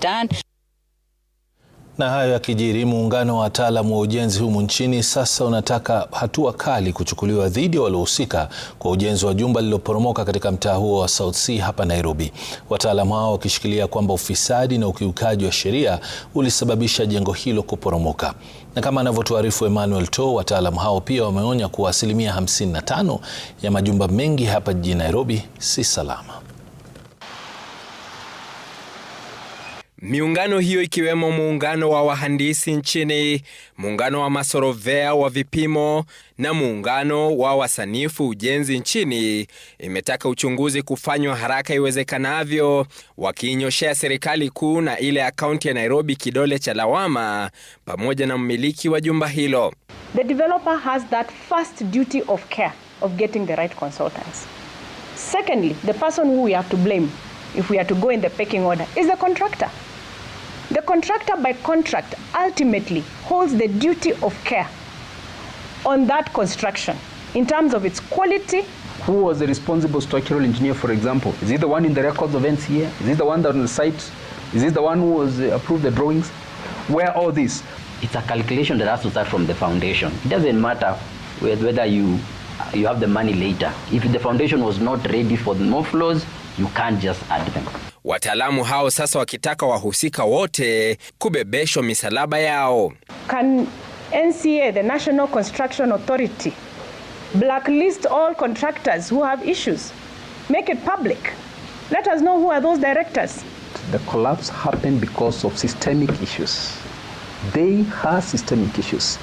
done. Na hayo yakijiri, muungano wa wataalamu wa ujenzi humu nchini sasa unataka hatua kali kuchukuliwa dhidi ya waliohusika kwa ujenzi wa jumba lililoporomoka katika mtaa huo wa South C hapa Nairobi. Wataalamu hao wakishikilia kwamba ufisadi na ukiukaji wa sheria ulisababisha jengo hilo kuporomoka. Na kama anavyotuarifu Emmanuel To, wataalamu hao pia wameonya kuwa asilimia 55 ya majumba mengi hapa jijini Nairobi si salama. Miungano hiyo ikiwemo muungano wa wahandisi nchini, muungano wa masorovea wa vipimo na muungano wa wasanifu ujenzi nchini imetaka uchunguzi kufanywa haraka iwezekanavyo, wakiinyoshea serikali kuu na ile ya kaunti ya Nairobi kidole cha lawama pamoja na mmiliki wa jumba hilo. The developer has that first duty of care of getting the right consultants. Secondly, the person who we have to blame if we are to go in the pecking order is the contractor. The contractor by contract ultimately holds the duty of care on that construction in terms of its quality. Who was the responsible structural engineer, for example? Is he the one in the records of NCA? Is he the one that on the site? Is he the one who was uh, approved the drawings? Where all this? It's a calculation that has to start from the foundation. It doesn't matter whether you you have the money later. If the foundation was not ready for the more floors, You can't just add them. Wataalamu hao sasa wakitaka wahusika wote kubebeshwa misalaba yao. Can NCA, the National Construction Authority, blacklist all contractors who have issues? Make it public. Let us know who are those directors. The collapse happened because of systemic issues. They have systemic issues,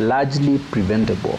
largely preventable.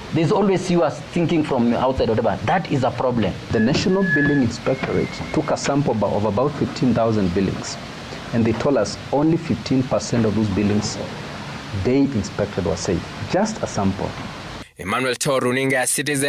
There's always you are thinking from outside whatever. That is a problem. The National Building Inspectorate took a sample of about 15,000 buildings and they told us only 15% of those buildings they inspected were safe. Just a sample. Emmanuel Toruninga, Citizen.